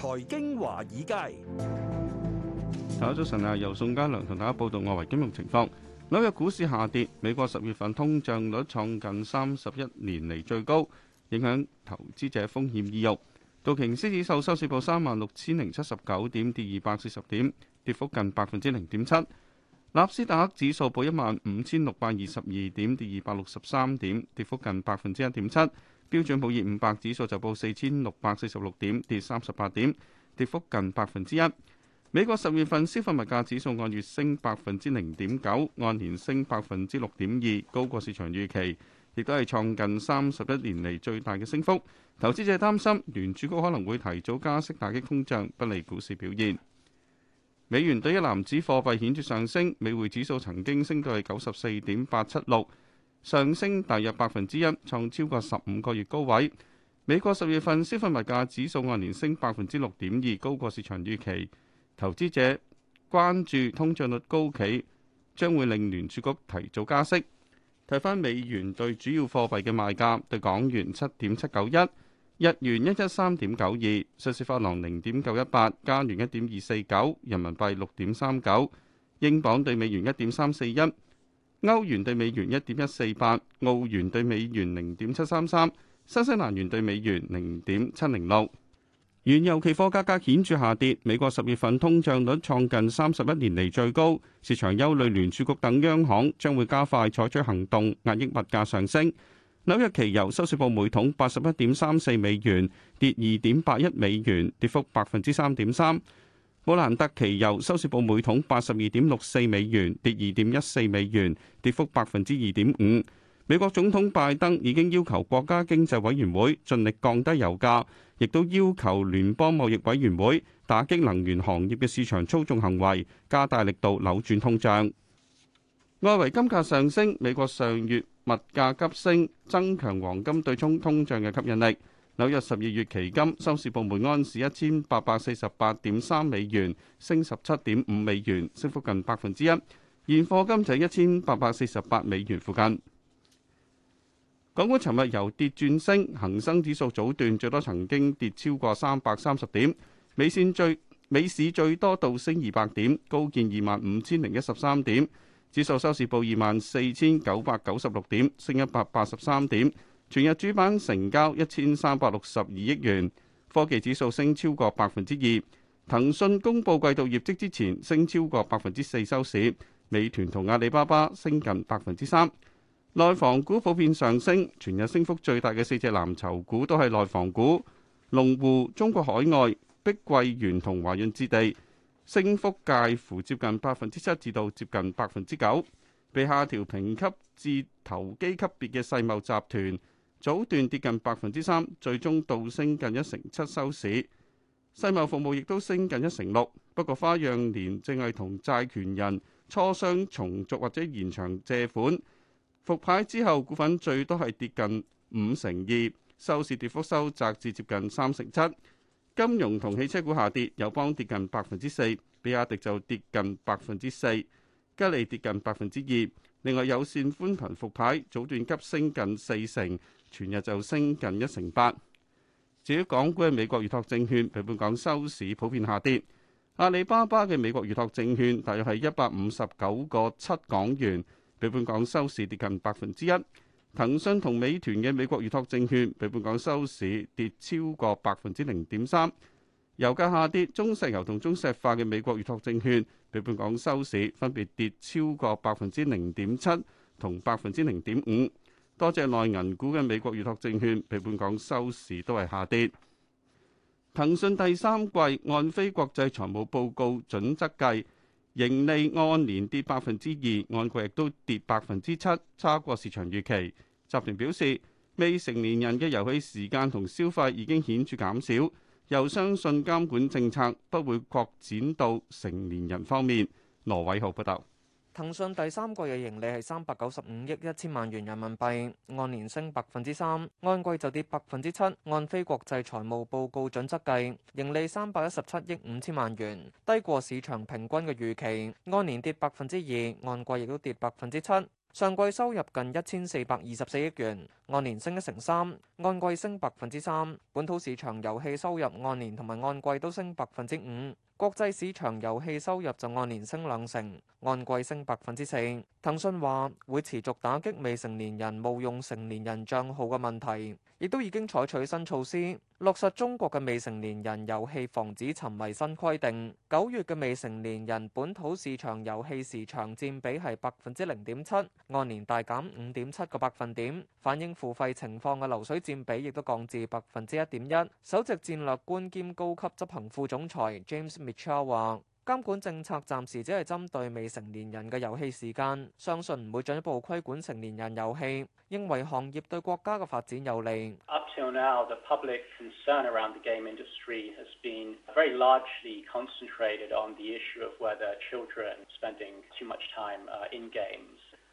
財經華爾街。大家早晨啊！由宋嘉良同大家報道外圍金融情況。紐約股市下跌，美國十月份通脹率創近三十一年嚟最高，影響投資者風險意欲。道瓊斯指數收市報三萬六千零七十九點，跌二百四十點，跌幅近百分之零點七。納斯達克指數報一萬五千六百二十二點，跌二百六十三點，跌幅近百分之一點七。標準普爾五百指數就報四千六百四十六點，跌三十八點，跌幅近百分之一。美國十月份消費物價指數按月升百分之零點九，按年升百分之六點二，高過市場預期，亦都係創近三十一年嚟最大嘅升幅。投資者擔心聯儲局可能會提早加息打擊通脹，不利股市表現。美元對一籃子貨幣顯著上升，美匯指數曾經升到係九十四點八七六。上升大約百分之一，創超過十五個月高位。美國十月份消費物價指數按年升百分之六點二，高過市場預期。投資者關注通脹率高企，將會令聯儲局提早加息。睇返美元對主要貨幣嘅賣價，對港元七點七九一，日元一一三點九二，瑞士法郎零點九一八，加元一點二四九，人民幣六點三九，英鎊對美元一點三四一。歐元對美元一點一四八，澳元對美元零點七三三，新西蘭元對美元零點七零六。原油期貨價格顯著下跌，美國十月份通脹率創近三十一年嚟最高，市場憂慮聯儲局等央行將會加快採取行動，壓抑物價上升。紐約期油收市報每桶八十一點三四美元，跌二點八一美元，跌幅百分之三點三。布蘭特期油收市報每桶八十二點六四美元，跌二點一四美元，跌幅百分之二點五。美國總統拜登已經要求國家經濟委員會盡力降低油價，亦都要求聯邦貿易委員會打擊能源行業嘅市場操縱行為，加大力度扭轉通脹。外圍金價上升，美國上月物價急升，增強黃金對沖通脹嘅吸引力。紐約十二月期金收市報每安士一千八百四十八點三美元，升十七點五美元，升幅近百分之一。現貨金就喺一千八百四十八美元附近。港股尋日由跌轉升，恒生指數早段最多曾經跌超過三百三十點，尾線最尾市最多倒升二百點，高見二萬五千零一十三點。指數收市報二萬四千九百九十六點，升一百八十三點。全日主板成交一千三百六十二億元，科技指數升超過百分之二。騰訊公布季度業績之前，升超過百分之四收市。美團同阿里巴巴升近百分之三。內房股普遍上升，全日升幅最大嘅四隻藍籌股都係內房股，龍湖、中國海外、碧桂園同華潤置地，升幅介乎接近百分之七至到接近百分之九。被下調評級至投機級別嘅世茂集團，早段跌近百分之三，最終倒升近一成七收市。世茂服務亦都升近一成六，不過花樣年正係同債權人磋商重續或者延長借款復牌之後，股份最多係跌近五成二，收市跌幅收窄至接近三成七。金融同汽車股下跌，友邦跌近百分之四，比亞迪就跌近百分之四，吉利跌近百分之二。另外有線寬頻復牌，早段急升近四成。全日就升近一成八。至於港股嘅美國預託證券，比本港收市普遍下跌。阿里巴巴嘅美國預託證券，大約係一百五十九個七港元，比本港收市跌近百分之一。騰訊同美團嘅美國預託證券，比本港收市跌超過百分之零點三。油價下跌，中石油同中石化嘅美國預託證券，比本港收市分別跌超過百分之零點七同百分之零點五。多隻內銀股嘅美國預託證券，比本港收市都係下跌。騰訊第三季按非國際財務報告準則計，盈利按年跌百分之二，按季亦都跌百分之七，差過市場預期。集團表示，未成年人嘅遊戲時間同消費已經顯著減少，又相信監管政策不會擴展到成年人方面。羅偉浩報道。騰訊第三季嘅盈利係三百九十五億一千萬元人民幣，按年升百分之三，按季就跌百分之七。按非國際財務報告準則計，盈利三百一十七億五千萬元，低過市場平均嘅預期，按年跌百分之二，按季亦都跌百分之七。上季收入近一千四百二十四億元。按年升一成三，按季升百分之三。本土市場遊戲收入按年同埋按季都升百分之五。國際市場遊戲收入就按年升兩成，按季升百分之四。騰訊話會持續打擊未成年人冒用成年人賬號嘅問題，亦都已經採取新措施，落實中國嘅未成年人遊戲防止沉迷新規定。九月嘅未成年人本土市場遊戲時長占比係百分之零點七，按年大減五點七個百分點反映。付費情況嘅流水佔比亦都降至百分之一點一。首席戰略官兼高級執行副總裁 James Mitchell 話：監管政策暫時只係針對未成年人嘅遊戲時間，相信唔會進一步規管成年人遊戲，認為行業對國家嘅發展有利。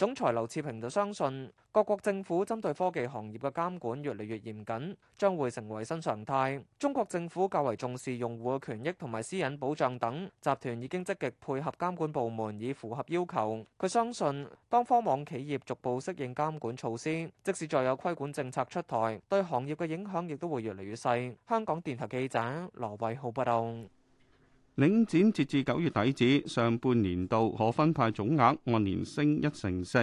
總裁劉熾平就相信，各國政府針對科技行業嘅監管越嚟越嚴謹，將會成為新常態。中國政府較為重視用戶嘅權益同埋私隱保障等，集團已經積極配合監管部門以符合要求。佢相信，當科網企業逐步適應監管措施，即使再有規管政策出台，對行業嘅影響亦都會越嚟越細。香港電台記者羅偉浩報道。領展截至九月底止上半年度可分派總額按年升一成四，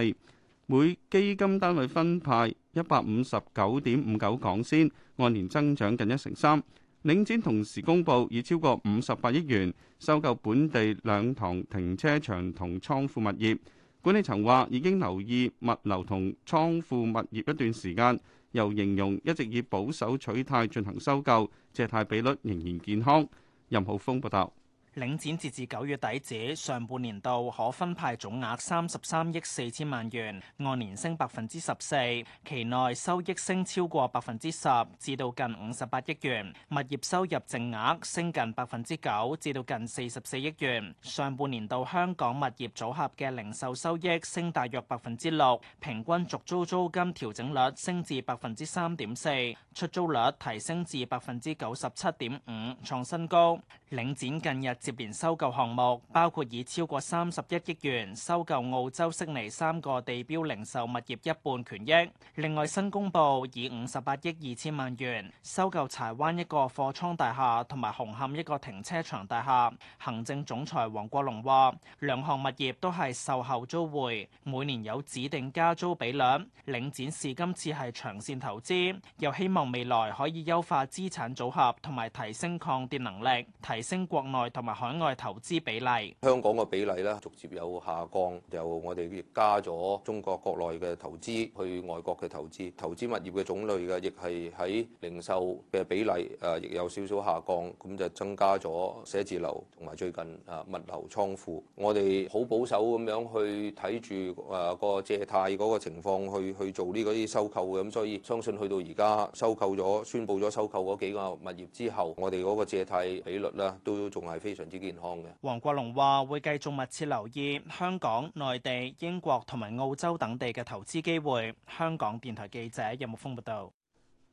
每基金單位分派一百五十九點五九港仙，按年增長近一成三。領展同時公佈已超過五十八億元收購本地兩堂停車場同倉庫物業。管理層話已經留意物流同倉庫物業一段時間，又形容一直以保守取態進行收購，借貸比率仍然健康。任浩峯報道。領展截至九月底止，上半年度可分派總額三十三億四千萬元，按年升百分之十四。期內收益升超過百分之十，至到近五十八億元。物業收入淨額升近百分之九，至到近四十四億元。上半年度香港物業組合嘅零售收益升大約百分之六，平均續租租金調整率升至百分之三點四，出租率提升至百分之九十七點五，創新高。領展近日接連收購項目，包括以超過三十一億元收購澳洲悉尼三個地標零售物業一半權益，另外新公布以五十八億二千萬元收購柴灣一個貨倉大廈同埋紅磡一個停車場大廈。行政總裁黃國龍話：兩項物業都係售後租回，每年有指定加租比率。領展示今次係長線投資，又希望未來可以優化資產組合同埋提升抗跌能力，提升國內同埋。海外投資比例，香港嘅比例咧逐漸有下降，就我哋亦加咗中國國內嘅投資去外國嘅投資，投資物業嘅種類嘅亦係喺零售嘅比例誒亦、啊、有少少下降，咁就增加咗寫字樓同埋最近誒物流倉庫，我哋好保守咁樣去睇住誒個借貸嗰個情況去去做呢嗰啲收購嘅，咁所以相信去到而家收購咗、宣布咗收購嗰幾個物業之後，我哋嗰個借貸比率咧都仲係非常。健康嘅，黃國龍話會繼續密切留意香港、內地、英國同埋澳洲等地嘅投資機會。香港電台記者任木峯報道。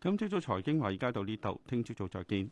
今朝早財經話題而家到呢度，聽朝早再見。